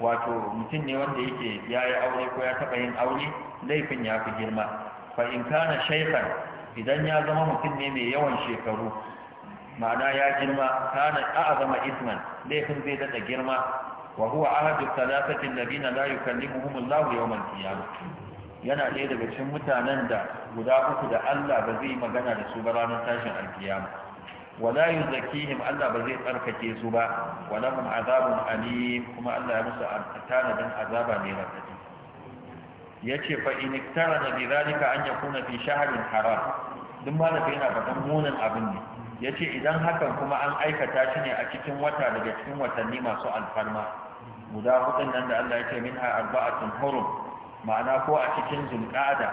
wato mutum ne wanda yake ya yi aure ko ya taɓa yin aure laifin ya fi girma fa in kana shaifan idan ya zama mutum ne mai yawan shekaru ma'ana ya girma kana zama isman laifin zai daɗa girma wa huwa ahadu thalathatin ladina la yukallimuhum Allah yawm al-qiyamah yana ɗaya daga cikin mutanen da guda uku da Allah ba zai magana da su ba ranar tashin alkiyama wala yuzakkihim Allah ba zai tsarkake su ba walahum azabun alim kuma Allah ya musu tanadin azaba ne rafi yace fa in iktarana bi zalika an yakuna fi shahrin haram duk malafi yana fatan munin abin ne yace idan hakan kuma an aikata shi ne a cikin wata daga cikin watanni masu alfarma guda hudun nan da Allah yake minha arba'atun hurum ma'ana ko a cikin zulqa'ada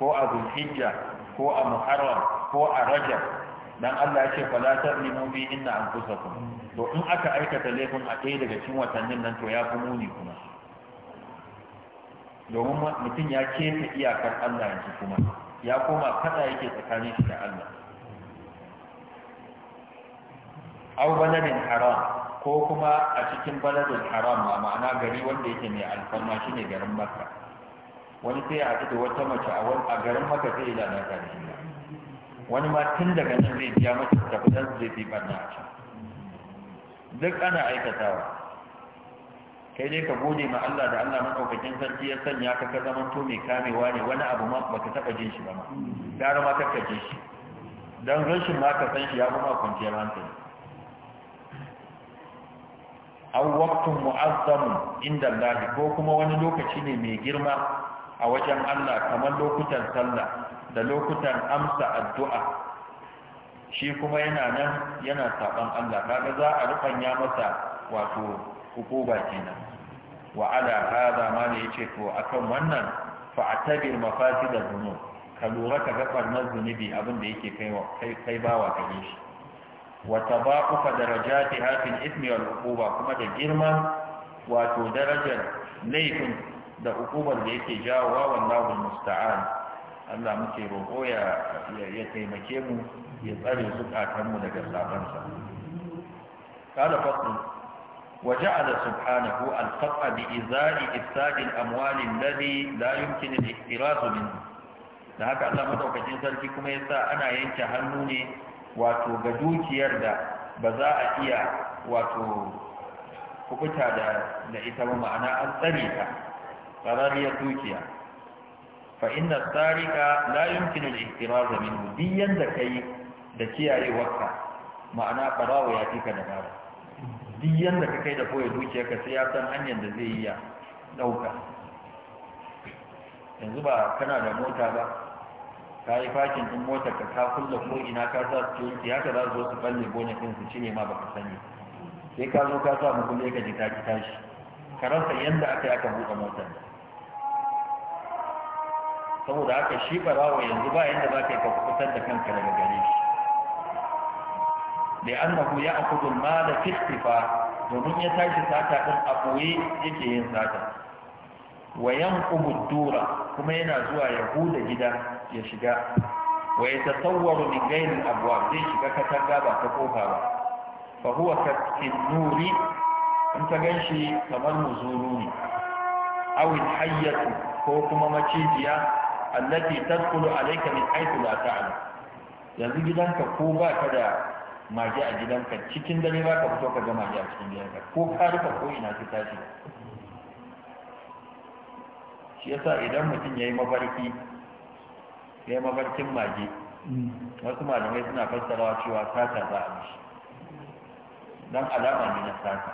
ko a zulhijja ko a muharram ko a rajab dan Allah ce la tazlimu bi inna anfusakum to in aka aikata laifin a ɗaya daga cikin watannin nan to ya fi muni kuma domin mutum ya keta iyakar Allah yanzu kuma ya koma fada yake tsakanin shi da Allah aw baladin haram ko kuma a cikin baladin haram ma ma'ana gari wanda yake mai alfarma shine garin Makka wani sai ya haɗu wata mace a garin Makka sai ila lalata jiya. wani ma tun daga nan zai biya mata tafi zai fi a can duk ana aikatawa kai dai ka gode ma Allah da Allah madaukakin sarki ya sanya ka ka zama to mai kamewa ne wani abu ma baka taba jin shi ba ma gara ma ka kaje shi dan rashin ma ka san shi ya kuma kwanciyar hankali aw waqtun mu'azzam inda Allah ko kuma wani lokaci ne mai girma a wajen Allah kamar lokutan sallah da lokutan amsa addu'a shi kuma yana nan yana saɓan Allah kaga za a rufanya masa wato hukuma kenan wa ala hada ma ne yace to akan wannan fa atabi mafasid adunub ka lura ka ga farnar zunubi abin da yake kai kai kai bawa gare shi wa tabaqu darajatiha hafin ithmi wal kuma da girma wato darajar laifin da ukubar da yake jawowa wallahu musta'an Allah muke roƙo ya ya taimake mu ya tsare zukatan mu daga sabansa قال فصل وجعل سبحانه القطع بإزاء إفساد الأموال الذي لا يمكن الاحتراز منه da haka Allah madaukakin sarki kuma ya sa ana yanke hannu ne wato ga dukiyar da ba za a iya wato kubuta da ita ba ma'ana an tsare ta tsararriyar dukiya fa inna tsarika la yumkinu al-ihtiraz minhu diyan ka yi da kiyayewarka ma'ana barawo ya fika da bara diyan da kai da koyar dukiyarka sai ya san hanyar da zai iya ɗauka. yanzu ba kana da mota ba ka yi fakin din motar ka ka kulle ko ina ka sa su security haka za su zo su balle gonakin su cire ma ba ka sani sai ka zo ka sa mu kulle ka ji ta ki tashi ka rasa yadda aka yi aka buɗe motar saboda haka shi barawa yanzu ba yanda za ka yi kusan da kanka daga gare shi da annahu ya akudu ma da istifa domin ya tashi sata ɗin a boye yake yin sata Wayan yanqubu kuma yana zuwa ya huda gida ya shiga ta yatasawwaru min ghairi abwab zai shiga katanga ba ta kofa ba fa huwa nuri in ka ganshi kamar muzuru ne awin hayyatu ko kuma macijiya allati tadkhulu alayka min haythu la ta'lam yanzu gidanka ko ba ka da mage a gidanka cikin dare ba ka fito ka ga mage a cikin gidanka ko ka rufe ko ina ta tashi shi yasa idan mutum ya yi mafarki yayi mafarkin mage wasu malamai suna fassarawa cewa sata za a mishi don alama ne na sata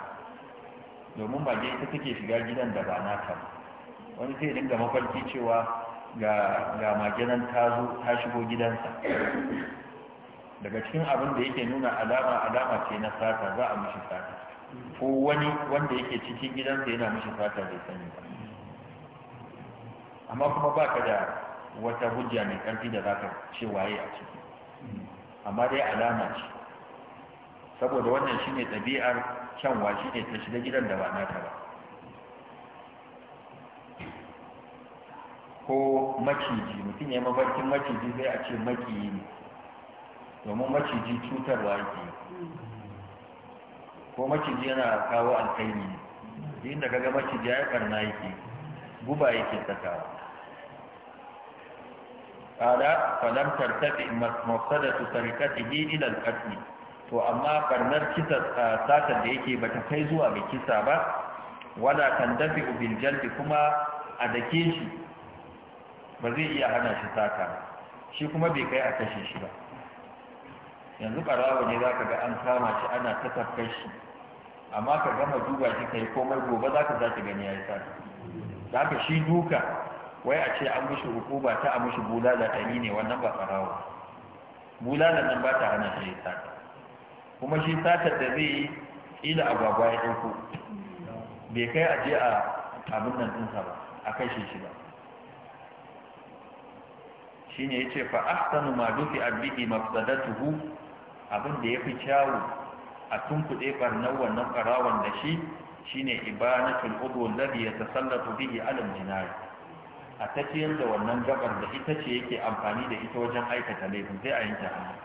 domin mage ita take shiga gidan da ba na ba wani sai dinga mafarki cewa ga maginan ta zo ta shigo gidansa daga cikin abin da yake nuna alama alama ce na sata za a mishi sata ko wani wanda yake cikin gidansa yana mishi sata bai sani ba amma kuma ba ka da wata hujja mai karfi da za ka ce waye a ciki amma dai alama ce saboda wannan shine ɗabi'ar kyanwa shine ta shiga gidan da ba nata ba ko maciji mutum ya mafarkin maciji zai a ce makiyi ne domin maciji cutarwa yake ko maciji yana kawo alkaini ne daga ga maciji ya yi karna yake guba yake sakawa qala da su mafsadatu sarikatihi ila ilal ƙasni to amma ƙarnar kisa satar da yake bata kai zuwa mai kisa ba wala dafi ubin jalbi kuma a dake shi ba zai iya hana shi sata shi kuma bai kai a kashe shi ba yanzu ɓarawa ne za ka ga an kama shi ana ta tafkar shi amma ka gama duba shi ka yi komai gobe za ka zaki gani ya yi sata za ka shi duka wai a ce an mushi hukuma ta a mushi bulala ɗari ne wannan ba bula da nan ba ta hana shi ya sata kuma shi satar da zai yi ƙila agwagwa ya ɗauko bai kai a je a abin nan ɗinsa ba a kashe shi ba shine yace fa ahsanu ma dufi abdi mafsadatuhu abin da yafi kyawu a tunkuɗe barnar wannan ƙarawan da shi shine ibanatul udhu alladhi yatasallatu bihi ala al-jinayi a tafiyar da wannan gabar da ita ce yake amfani da ita wajen aikata laifin sai a yanke hannu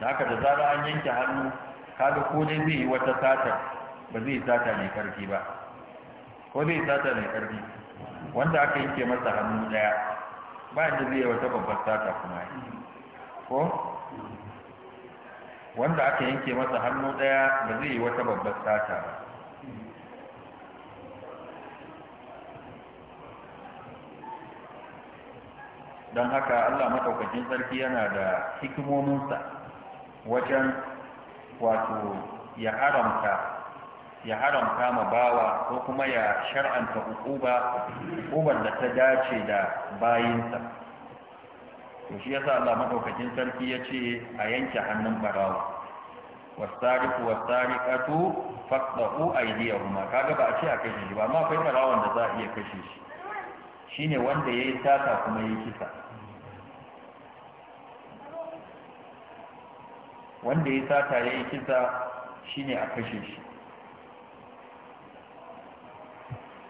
da aka da zara an yanke hannu kaga ko dai zai yi wata sata ba zai sata mai karfi ba ko zai sata mai karfi wanda aka yanke masa hannu ɗaya? ba ni zai wata babbar sata kuma yi ko wanda aka yanke masa hannu ɗaya ba zai yi wata babbar sata ba don haka allah maɗaukacin sarki yana da hikimominsa wajen wato ya haramta ya haramta ma bawa ko kuma ya shar'anta hukuba uban da ta dace da bayinsa to shi yasa Allah madaukakin sarki yace a yanke hannun barawa wasariku wasariqatu faqtu aydiyahuma kaga ba a ce a kashi shi ba amma akwai barawan da za a iya kashe shi shine wanda yayi sata kuma yayi kisa wanda ya sata yayi kisa shine a kashe shi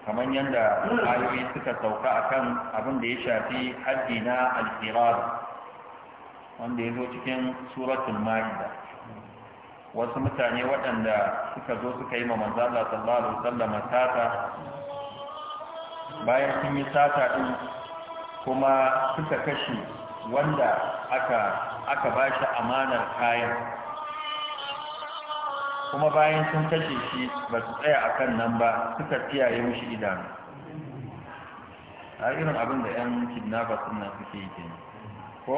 kamar yadda ayoyi suka sauka akan abin da ya shafi haddi na alfirar wanda ya zo cikin suratul ma'ida wasu mutane waɗanda suka zo suka yi ma manzala sallallahu alaihi sata bayan sun yi sata ɗin, kuma suka kashe wanda aka aka shi amanar kayan kuma bayan sun kashe shi ba su tsaya a kan nan ba suka tsiyaye mushi idanu a irin abin da 'yan kidnappers sun nan suke yi kenan ko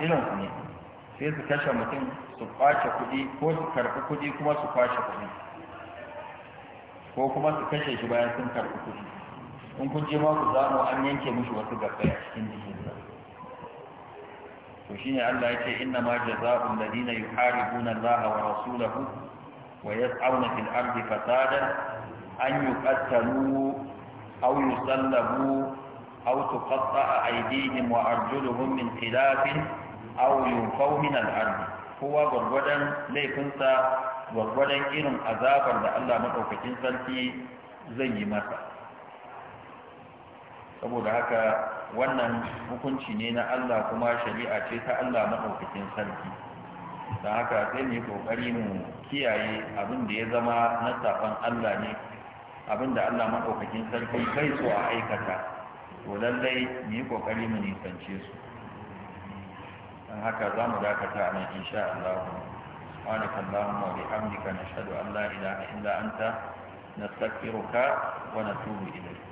irin su ne sai su kashe mutum su kwace kuɗi ko su karɓi kuɗi kuma su kwace kuɗi ko kuma su kashe shi bayan sun karɓi kuɗi in kun je ma ku zamo an yanke mushi wasu gabbai a cikin jikinsa to shine Allah yake inna ma jazaa'ul ladina yuharibuna Allah wa rasulahu wa yas'auna fil ardi fasadan an yuqattalu aw yusallabu aw tuqatta'a aydihim wa arjuluhum min khilafin aw yunfaw min al kowa gwargwadon laifinsa gwargwadon irin azabar da Allah maɗaukacin sarki zai yi masa saboda haka wannan hukunci ne na Allah kuma shari'a ce ta Allah maɗaukakin sarki don haka sai mu yi ƙoƙari mu kiyaye abin da ya zama na saɓon Allah ne abin da Allah maɗaukakin sarki kai so a aikata to lallai mu yi ƙoƙari mu nisance su don haka za mu dakata a nan insha Allah سبحانك اللهم وبحمدك نشهد أن لا إله إلا أنت نستغفرك ونتوب إليك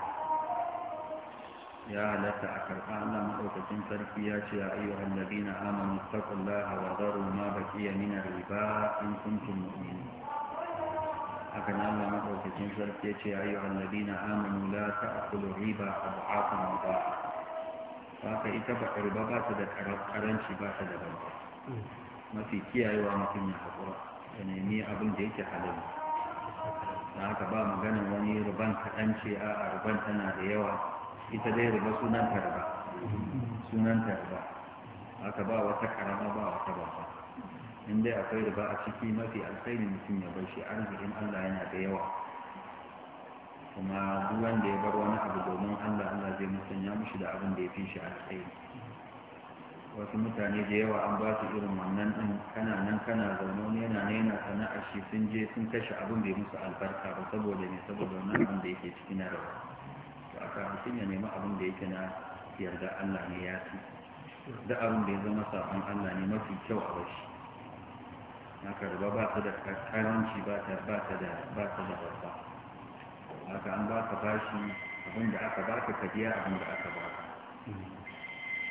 ya halatta a karɓa Allah maɗaukakin sarki ya ce a iya hallabi na amonu takulla a wazaru ma baki ya nina riba in kuntun mu'mini haka na Allah maɗaukakin sarki ya ce a iya hallabi na amonu la ta akulu riba a bu'afin ba haka ita ba riba ba ta da karanci ba ta da banza mafi kiyayewa mutum ya haƙura ya nemi abin da yake halin da haka ba maganin wani ruban kaɗan ce a ruban tana da yawa ita dai riga sunan ta riga sunan ta riga aka ba wata karama ba wata babba in dai akwai riba a ciki mafi alkhairi mutum ya bar shi arzikin Allah yana da yawa kuma duk wanda ya bar wani abu domin Allah Allah zai musanya mushi da abin da ya fi shi alkhairi wasu mutane da yawa an ba su irin wannan ɗin kana nan kana zaune wani yana ne yana sana'ar shi sun je sun kashe abin da ya musu albarka ba saboda ne saboda wannan abin da yake cikin na rawa tsaka mutum ya nemi abin da yake na yarda Allah ne ya fi da abin da ya zama sabon Allah ne mafi kyau a bashi haka da ba ta da karanci ba ta ba ta da ba ta da babba haka an ba ka bashi abin da aka ba ka biya abin da aka ba ka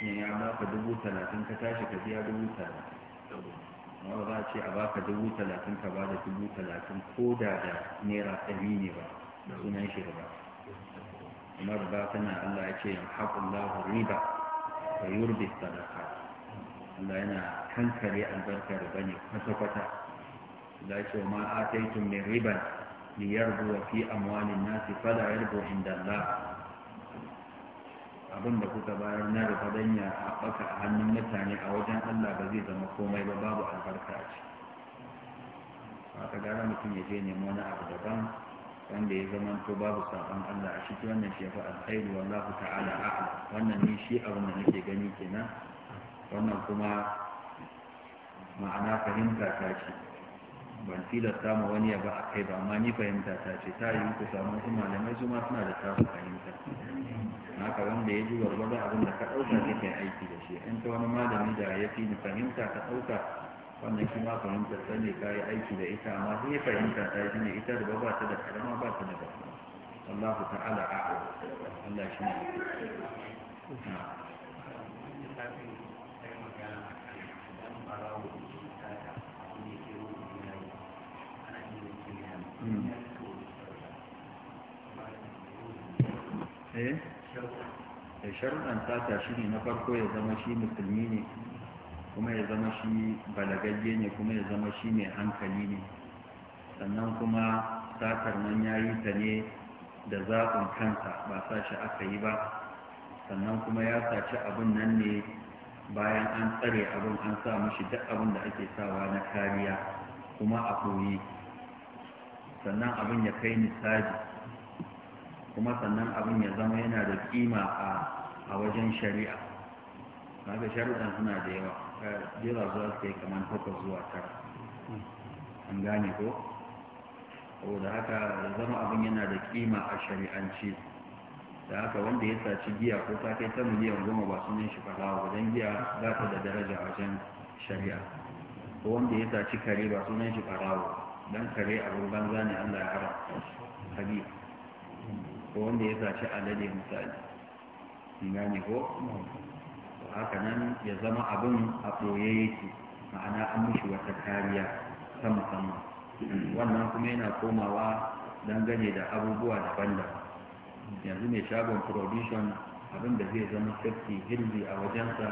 ne ya ba ka dubu talatin ka tashi ka biya dubu talatin amma ba ce a baka dubu talatin ka ba da dubu talatin ko da da naira ɗari ne ba sunan shi ba marba tana Allah ya ce yamhaqullahu riba da yurbi sadaka Allah yana kankare albarkar bane kwata kwata da ya ce ma ataitum min riban li yarbu fi amwalin nasi ya yarbu inda Allah abin da kuka bayar na rufa don ya haɓaka a hannun mutane a wajen Allah ba zai zama komai ba babu albarka a ce ba ta gara mutum ya je nemo wani abu daban wanda ya zama to babu sabon Allah a ciki wannan shi yafi alkhairu wallahu ta'ala a'a wannan ne shi abin da nake gani kenan wannan kuma ma'ana fahimta ta ce ban tilasta ma wani ya ba a kai ba amma ni fahimta ta ce ta yi ku samu su malamai su ma suna da tasu fahimta haka wanda ya ji gwargwado abin da ka ɗauka kai aiki da shi in ta wani malami da ya fi ni fahimta ka ɗauka wannan shi ma fahimtar ta ne kayi aiki da ita amma sai fahimtar ta yi shi ne ita da ba ta da karama ba ta da ba Allah ku ta'ala a Allah shi ne Eh? sharuɗan sata shi ne na farko ya zama shi musulmi ne kuma ya zama shi balagagge ne kuma ya zama shi mai hankali ne sannan kuma satar nan ya yi ta ne da zaɓin kanta ba sa shi aka yi ba sannan kuma ya saci abin nan ne bayan an tsare abin an sa mashi duk abin da ake sawa na kariya kuma a koyi sannan abin ya kai nisaji kuma sannan abin ya zama yana da kima a wajen shari'a kaga sharuɗan suna da yawa jira zuwa su yi kamar takwas zuwa tara an gane ko da haka zama abin yana da kima a shari'anci da haka wanda ya saci giya ko ta kai ta miliyan goma ba yin shi fara ba don giya za ta da daraja a wajen shari'a ko wanda ya saci kare ba yin shi fadawa don kare a gurban zane allah ya haramta shi ko wanda ya saci alade misali gane ko haka nan ya zama abin a ɓoye yake ma'ana an mishi wata kariya ta musamman wannan kuma yana komawa dangane da abubuwa daban-daban yanzu mai shagon provision abin da zai zama safety hirzi a wajensa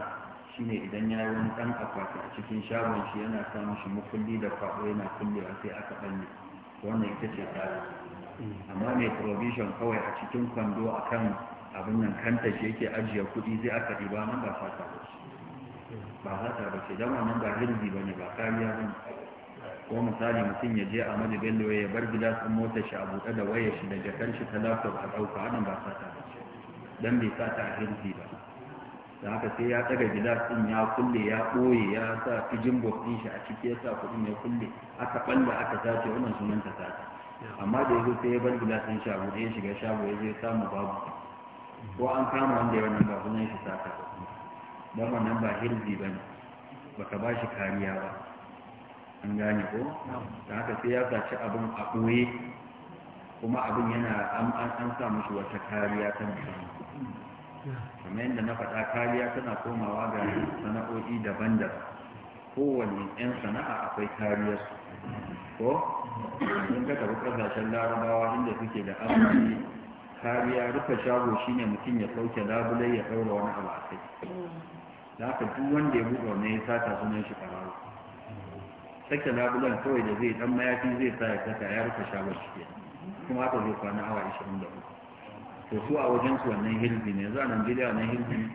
shine idan ya yi wani ɗan akwati a cikin shagon shi yana samun shi mukulli da kwaɗo yana kullewa sai aka ɓalle wannan ita ce tsari amma mai provision kawai a cikin kwando a kan abin nan kanta shi yake ajiye kuɗi zai aka ɗiba nan ba fata ba ba fata ba ce dama nan ba hirzi ba ba kariya ba ko misali mutum ya je a madu bello ya bar gida sun mota shi a buɗe da waya shi da jakar shi ta a ɗauka wannan ba fata ba don bai fata ta a hirzi ba da haka sai ya ɗaga gilas ɗin ya kulle ya ɓoye ya sa fijin ɗin shi a ciki ya sa kuɗin ya kulle aka ɓalla aka sace wannan sunanta ta sace amma da ya zo sai ya bar gilas ɗin a shiga shago ya zai samu babu ko an kama wanda ya wannan ba sunan shi saka ba wannan ba hirzi ba ne ba ka ba shi kariya ba an gane ko da haka sai ya saci abin a ɓoye kuma abin yana an sa mushi wata kariya ta musamman kamar yadda na faɗa kariya tana komawa ga sana'o'i daban-daban kowane 'yan sana'a akwai kariya. ko in ka tafi ƙasashen larabawa inda suke da amfani kariya rufe shago shi ne mutum ya sauke labule ya daura wani abu a kai da haka duk wanda ya buɗe wani ya sata sunan shi karawa sake labulen kawai da zai dan mayafi zai sa ya saka ya rufe shago shi ke kuma haka zai kwana awa ishirin da uku to su a wajen su wannan hirbi ne za a najeriya wannan hilbi ne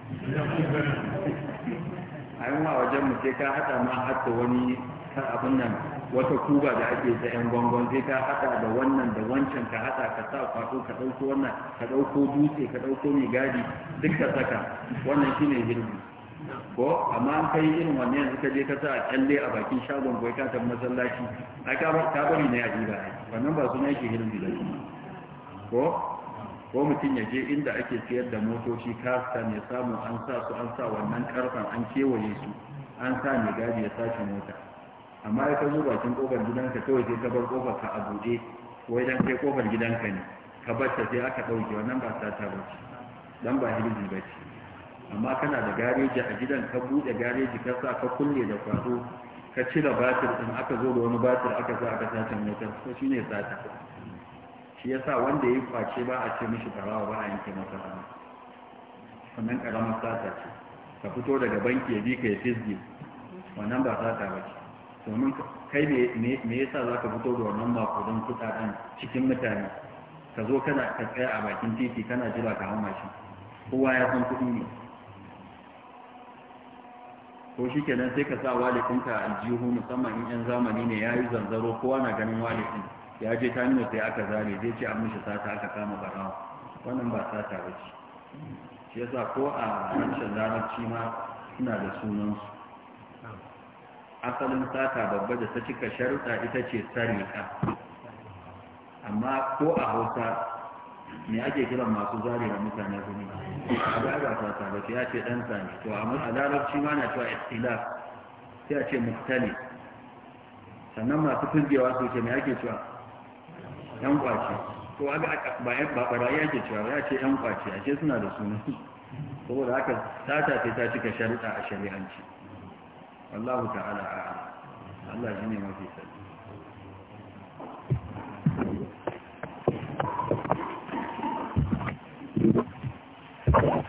a yi wa wajen mu sai ka haɗa ma hatta wani abin nan wata kuba da ake ta yan gwangwan sai ka haɗa da wannan da wancan ka haɗa ka sa kwato ka ɗauko wannan ka dauko dutse ka ɗauko mai gadi duk ka saka wannan shine girbi ko amma an kai irin wannan yanzu ka je ka sa kalle a bakin shagon ko ka masallaci ai ka bari ne a jiba ai wannan ba suna yake girbi da ko ko mutum ya je inda ake siyar da motoci kasta ne samu an sa su an sa wannan karfan an kewaye su an sa mai gadi ya sace mota amma ya ka zo bakin kofar gidanka kawai sai ka bar kofar ka a buɗe ko idan kai kofar gidanka ne ka ta sai aka ɗauke wannan ba sata ba ce dan ba hirji ba ce amma kana da gareji a gidan ka buɗe gareji ka sa ka kulle da kwato ka cire batir ɗin aka zo da wani batir aka sa aka sace motar ko shi ne sata shi ya sa wanda ya kwace ba a ce mishi karawa ba a yanke masa hannu sannan karamar sata ce ka fito daga banki ya bi ka ya fizge wannan ba sata ba ce domin kai me yasa za ka fito da wannan makudan kuɗaɗen cikin mutane ka zo kana ka tsaya a bakin titi kana jira ka hama shi kowa ya san kuɗi ne ko shi kenan sai ka sa walikin ka aljihu musamman in yan zamani ne ya yi zanzaro kowa na ganin walikin ya je ta nuna sai aka zare zai ce an mishi sata aka kama barawa wannan ba sata ba ce shi yasa ko a harshen larabci ma suna da sunansu asalin sata babba da ta cika sharuta ita ce sarika amma ko a hausa me ake kiran masu zari da mutane gumi a daga sata ba ya ce ɗan sani to amma a larabci ma na cewa istilaf sai a ce muktali sannan masu fulgewa su ce me ake cewa yan kwace to a ba ya ke cewa ya ce yan kwace a ce suna da suna saboda haka sata sai ta cika sharuta a shari'anci الله تعالى أعلم الله جميع ما في سلم